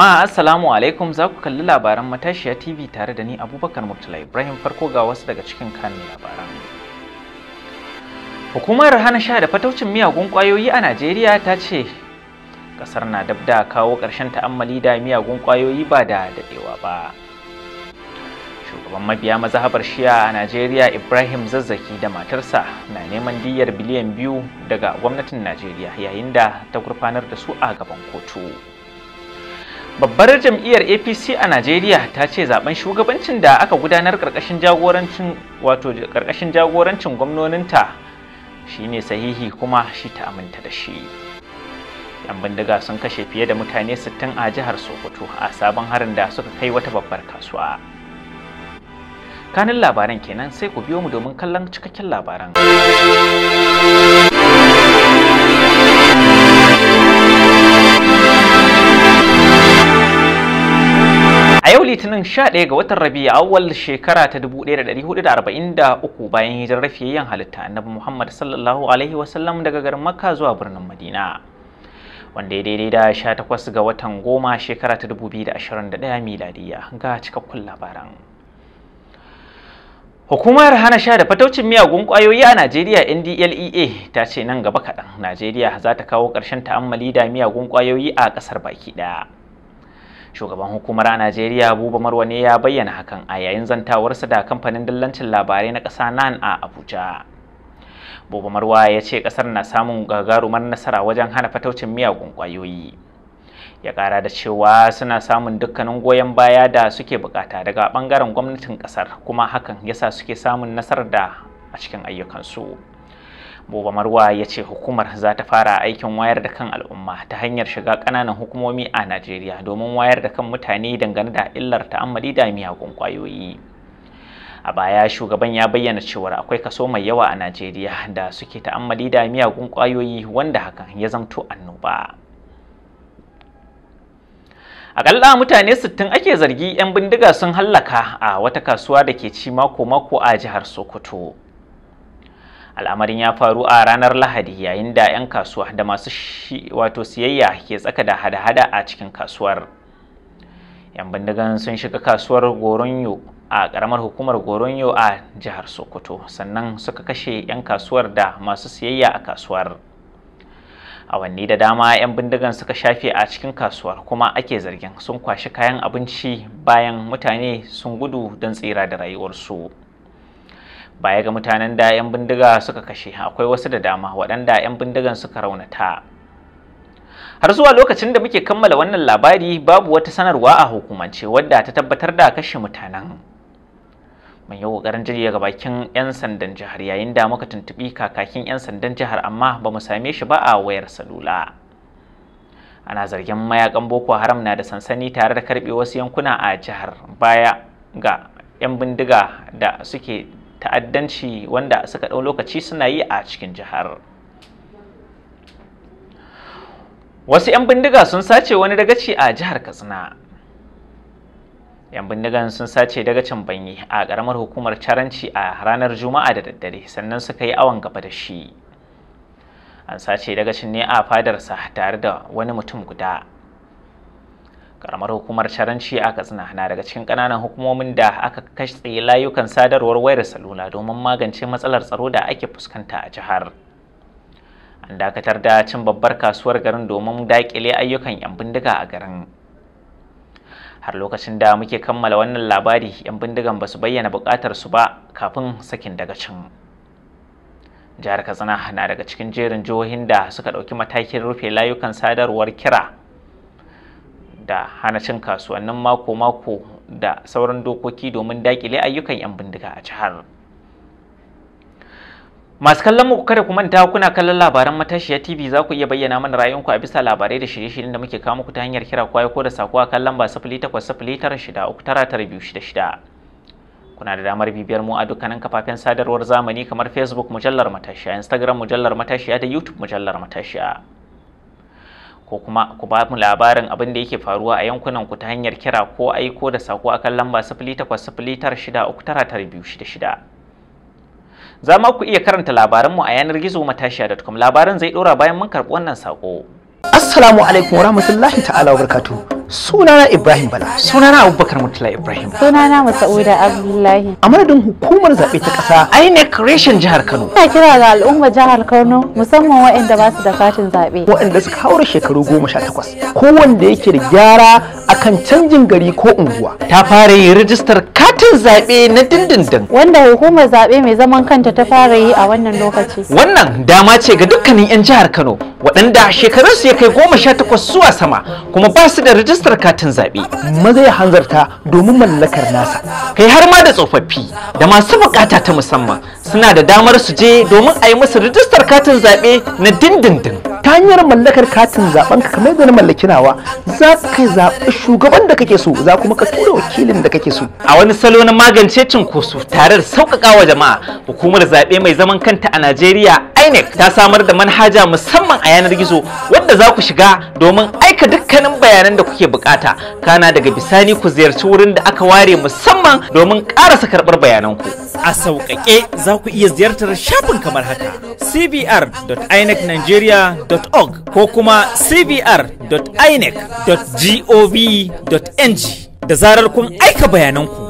Jama'a Assalamu alaikum za ku kalli labaran matashiya TV tare da ni Abubakar Murtala Ibrahim farko ga wasu daga cikin kanin labaran. Hukumar hana sha da fataucin miyagun kwayoyi a Najeriya ta ce kasar na dab da kawo ƙarshen ta'ammali da miyagun kwayoyi ba da dadewa ba. Shugaban mabiya mazahabar shiya a Najeriya Ibrahim Zazzaki da matarsa na neman diyyar biliyan biyu daga gwamnatin Najeriya yayin da ta gurfanar da su a gaban kotu. Babbar jam'iyyar APC a Najeriya ta ce zaben shugabancin da aka gudanar karkashin jagorancin wato karkashin jagorancin gwamnoninta shine sahihi kuma shi ta aminta da shi. Yan bindiga sun kashe fiye da mutane 60 a jihar Sokoto a sabon harin da suka kai wata babbar kasuwa. Kanin labaran kenan sai ku biyo mu domin kallon cikakken labaran. litinin 11 ga watan rabi a awwal shekara ta 1443 bayan hijirar yin halitta annabi Muhammad sallallahu alaihi wasallam daga garin Makka zuwa birnin Madina wanda ya daidai da 18 ga watan goma shekara ta 2021 miladiya ga cikakkun labaran Hukumar hana sha da fataucin miyagun kwayoyi a Najeriya NDLEA ta ce nan gaba kaɗan Najeriya za ta kawo ƙarshen ta'ammali da miyagun kwayoyi a ƙasar baki ɗaya. shugaban hukumar a najeriya buba ne ya bayyana hakan a yayin zantawarsa da kamfanin dillancin labarai na ƙasa nan a abuja buba marwa ya ce ƙasar na samun gagarumar nasara wajen hana fataucin miyagun ƙwayoyi ya ƙara da cewa suna samun dukkanin goyon baya da suke bukata daga ɓangaren gwamnatin ƙasar kuma hakan yasa suke samun nasarar da a cikin ayyukansu. Boba Marwa ya ce hukumar za ta fara aikin wayar da kan al'umma ta hanyar shiga ƙananan hukumomi a Najeriya domin wayar da kan mutane dangane da illar ta'ammali da miyagun ƙwayoyi. A baya shugaban ya bayyana cewar akwai kaso mai yawa a Najeriya da suke ta'ammali da miyagun ƙwayoyi wanda hakan ya zamto annoba. Akalla mutane 60 ake zargi 'yan bindiga sun hallaka a wata kasuwa da ke ci mako-mako a jihar Sokoto. al'amarin ya faru a ranar lahadi yayin da 'yan kasuwa da masu wato siyayya ke tsaka da hada-hada a cikin kasuwar 'yan bindigan sun shiga kasuwar goronyo a karamar hukumar goronyo a jihar sokoto sannan suka kashe 'yan kasuwar da masu siyayya a kasuwar awanni da dama 'yan bindigan suka shafe a cikin kasuwar kuma ake zargin sun kwashi kayan abinci bayan mutane sun gudu don tsira da rayuwarsu. baya ga mutanen da 'yan bindiga suka kashe akwai wasu da dama waɗanda 'yan bindigan suka raunata har zuwa lokacin da muke kammala wannan labari babu wata sanarwa a hukumance wadda ta tabbatar da kashe mutanen mun yi ƙoƙarin jirya ga bakin 'yan sandan jihar yayin da muka tuntuɓi kakakin 'yan sandan jihar amma ba mu same shi ba a wayar salula ana zargin mayakan boko haram na da sansani tare da karɓe wasu yankuna a jihar baya ga 'yan bindiga da suke ta'addanci wanda suka ɗau lokaci suna yi a cikin jihar wasu 'yan bindiga sun sace wani dagaci a jihar katsina 'yan bindigan sun sace dagacin banyi a ƙaramar hukumar caranci a ranar juma'a da daddare sannan suka yi awon gaba da shi an sace dagacin ne a fadarsa tare da wani mutum guda karamar hukumar sharanci a katsina na daga cikin kananan hukumomin da aka kashe tsaye layukan sadarwar wayar salula domin magance matsalar tsaro da ake fuskanta a jihar an dakatar da cin babbar kasuwar garin domin dakile ayyukan 'yan bindiga a garin har lokacin da muke kammala wannan labari 'yan bindigan ba su bayyana bukatar su ba kafin sakin daga cin jihar katsina na daga cikin jerin jihohin da suka ɗauki matakin rufe layukan sadarwar kira da hana cin kasuwannin mako-mako da sauran dokoki domin dakile ayyukan 'yan bindiga a jihar. Masu kallon muku kada ku manta kuna kallon labaran matashiya TV za ku iya bayyana mana ra'ayinku a bisa labarai da shirye-shiryen da muke kawo muku ta hanyar kira kwaye ko da a kan lamba 080966 Kuna da damar bibiyar mu a dukkanin kafafen sadarwar zamani kamar Facebook mujallar matashiya, Instagram mujallar matashiya da YouTube mujallar matashiya. ko kuma ku ba mu labarin abin da yake faruwa a yankunan ku ta hanyar kira ko aiko da sako akan lamba 08096399266 za ma ku iya karanta mu a yanar gizo matashiya.com labarin zai dora bayan mun karɓi wannan sako assalamu alaikum warahmatullahi ta'ala wa barkatu sunana ibrahim bala sunana abubakar mutula ibrahim sunana masauda abdullahi a madadin hukumar zaɓe ta ƙasa inec reshen jihar kano ina kira ga al'umma jihar kano musamman waɗanda ba su da katin zaɓe waɗanda suka haura shekaru goma sha takwas ko wanda yake da gyara akan canjin gari ko unguwa ta fara yin rijistar katin zaɓe na dindindin wanda hukumar zaɓe mai zaman kanta ta fara yi a wannan lokaci wannan dama ce ga dukkanin 'yan jihar kano waɗanda shekarunsu ya kai goma sha takwas zuwa sama kuma ba su da rijistar rajistar katin zaɓe maza ya hanzarta domin mallakar nasa kai har ma da tsofaffi da masu bukata ta musamman suna da damar su je domin a yi musu rijistar katin zaɓe na dindindin ta hanyar mallakar katin zaben ka kamar da na mallaki nawa za ka zaɓi shugaban da kake so za kuma ka tura wakilin da kake so a wani salo na magance cinkoso tare da sauƙaƙa wa jama'a hukumar zaɓe mai zaman kanta a Najeriya INEC ta samar da manhaja musamman a yanar gizo wadda za ku shiga domin cika dukkanin bayanan da kuke bukata kana daga bisani ku ziyarci wurin da aka ware musamman domin karasa karɓar bayananku a sauƙaƙe za ku iya ziyartar shafin kamar haka cbr.inecnigeria.org ko kuma cbr.inec.gov.ng da zarar kun aika bayananku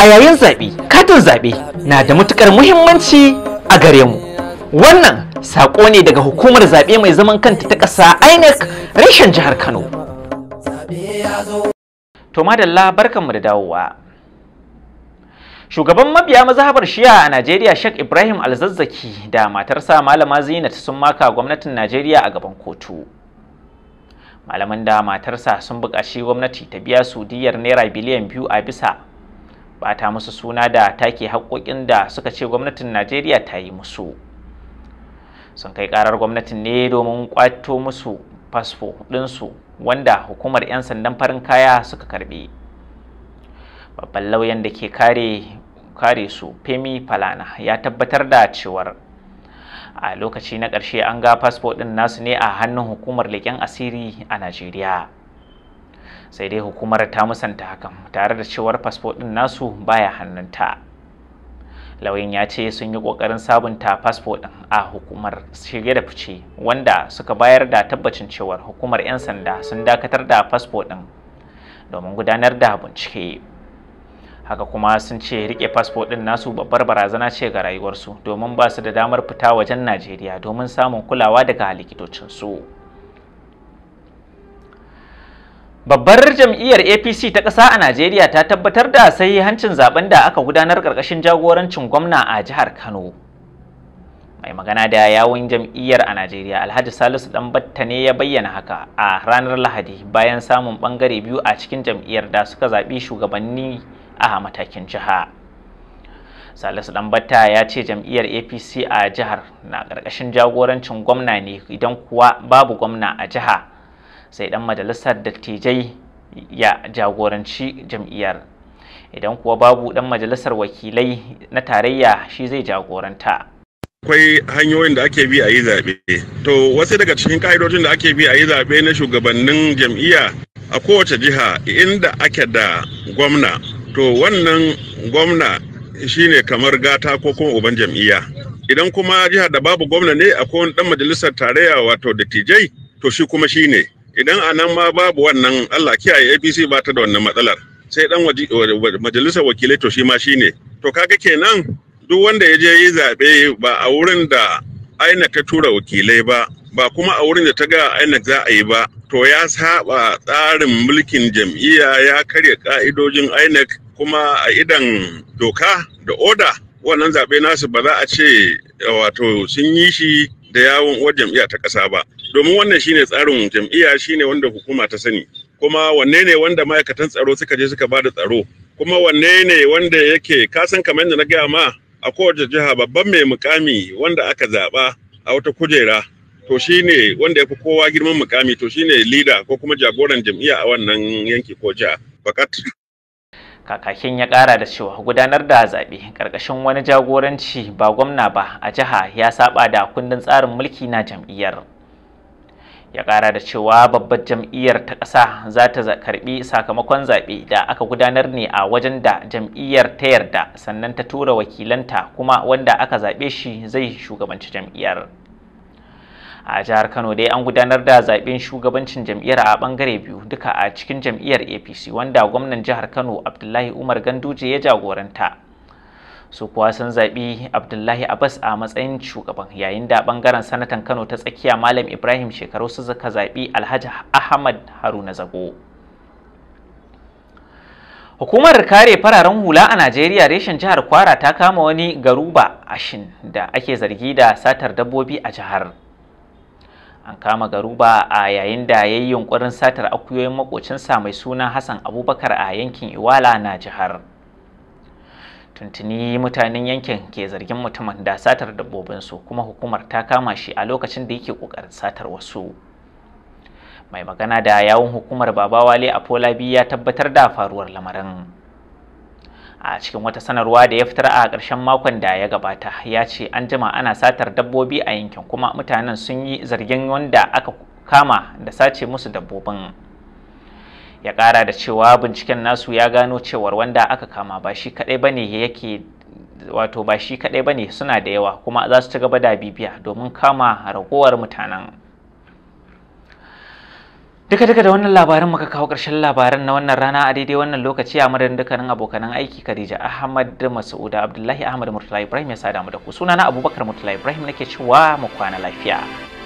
a yayin zaɓe katin zaɓe na da matukar muhimmanci a gare mu wannan saƙo ne daga hukumar zaɓe mai zaman kanta ta ƙasa inec reshen jihar kano to madalla barkanmu da dawowa shugaban mabiya mazhabar shiya a najeriya shek ibrahim alzazzaki da matarsa malama zinat sun maka gwamnatin najeriya a gaban kotu malaman da matarsa sun buƙaci gwamnati ta biya su diyar naira biliyan biyu a bisa bata musu suna da take haƙoƙin da suka ce gwamnatin najeriya ta yi musu sun kai ƙarar gwamnatin ne domin kwato musu fasfo ɗinsu wanda hukumar 'yan sandan farin kaya suka karɓi babban lauyan da ke kare su femi falana ya tabbatar da cewar a lokaci na ƙarshe an ga fasfo ɗin nasu ne a hannun hukumar leƙen asiri a najeriya sai dai hukumar ta musanta hakan tare da cewar fasfo ɗin nasu baya hannunta lauyin ya ce sun yi ƙoƙarin sabunta fasfo ɗin a hukumar shige da fice wanda suka bayar da tabbacin cewar hukumar 'yan sanda sun dakatar da fasfo ɗin domin gudanar da bincike haka kuma sun ce rike fasfo ɗin nasu babbar barazana ce ga rayuwarsu domin ba su da damar fita wajen najeriya domin samun kulawa daga likitocinsu. su Babbar jam'iyyar APC ta ƙasa a Najeriya ta tabbatar da sai hancin zaben da aka gudanar ƙarƙashin jagorancin gwamna a jihar Kano. Mai magana da yawun jam'iyyar a Najeriya Alhaji Salisu batta ne ya bayyana haka a ranar Lahadi bayan samun ɓangare biyu a cikin jam'iyyar da suka zaɓi shugabanni a matakin jiha. Salisu Ɗanbatta ya ce jam'iyyar APC a jihar na ƙarƙashin jagorancin gwamna ne idan kuwa babu gwamna a jiha. sai dan majalisar dattijai ya jagoranci jam'iyyar idan kuwa babu dan majalisar wakilai na tarayya shi zai jagoranta akwai hanyoyin da ake bi a yi zaɓe to wasu daga cikin ƙa'idojin da ake bi a yi zaɓe na shugabannin jam'iyya a kowace jiha inda ake da gwamna to wannan gwamna shine kamar gata ko kuma uban jam'iyya idan kuma jiha da babu gwamna ne akwai wani dan majalisar tarayya wato dattijai to shi kuma shine idan a nan ma babu wannan allah kiyaye apc ba ta da wannan matsalar sai dan majalisar wakilai to shi ma shine to kaga kenan duk wanda ya je yi zaɓe ba a wurin da aina ta tura wakilai ba ba kuma a wurin da ta ga aina za a yi ba to ya saba tsarin mulkin jam'iyya ya karya ka'idojin INEC kuma a idan doka da oda wannan zaɓe nasu ba za a ce wato sun yi shi da yawon uwar jam'iyya ta ƙasa ba domin wannan shine tsarin jam'iyya shine wanda hukuma ta sani kuma wanne ne wanda ma'aikatan tsaro suka je suka bada tsaro kuma wanne ne wanda yake kasan kamar da na gaya ma a kowace jiha babban mai mukami wanda aka zaba a wata kujera to shine wanda ya kowa girman mukami to shine leader ko kuma jagoran jam'iyya a wannan yanki ko jiha fakat kakakin ya kara da cewa gudanar da zaɓe karkashin wani jagoranci ba gwamna ba a jiha ya saba da kundin tsarin mulki na jam'iyyar. ya ƙara da cewa babbar jam'iyyar ta ƙasa za ta karbi sakamakon zaɓe da aka gudanar ne a wajen da jam'iyyar ta yarda sannan ta tura wakilanta kuma wanda aka zaɓe shi zai shugabanci jam'iyyar a jihar kano dai an gudanar da zaɓen shugabancin jam'iyyar a ɓangare biyu duka a cikin jam'iyyar apc wanda gwamnan jihar kano abdullahi umar ganduje ya jagoranta su kuwa sun zaɓi abdullahi abbas a matsayin shugaban yayin da ɓangaren sanatan kano ta tsakiya malam ibrahim shekaru su zaka zaɓi alhaji ahmad haruna zago hukumar kare fararen hula a najeriya reshen jihar kwara ta kama wani garuba ashin da ake zargi da satar dabbobi a jihar an kama garuba a yayin da ya yi yunkurin satar akuyoyin makocinsa mai suna hassan abubakar a yankin iwala na jihar tuntuni mutanen yankin ke zargin mutumin da satar dabbobinsu kuma hukumar ta kama shi a lokacin da yake kokarin satar wasu mai magana da yawun hukumar babawale a biyu ya tabbatar da faruwar lamarin a cikin wata sanarwa da ya fitar a ƙarshen makon da ya gabata ya ce an jima ana satar dabbobi a yankin kuma mutanen sun yi zargin wanda aka kama da sace musu dabbobin ya kara da cewa binciken nasu ya gano cewar wanda aka kama ba shi kadai ba ne yake wato ba shi kadai ba suna da yawa kuma za su ci gaba da bibiya domin kama ragowar mutanen duka duka da wannan labarin muka kawo ƙarshen labarin na wannan rana a daidai wannan lokaci a madadin dukkanin abokanan aiki Khadija Ahmad Masuda Abdullahi Ahmad Murtala Ibrahim ya sada mu da ku sunana Abubakar Murtala Ibrahim nake cewa mu kwana lafiya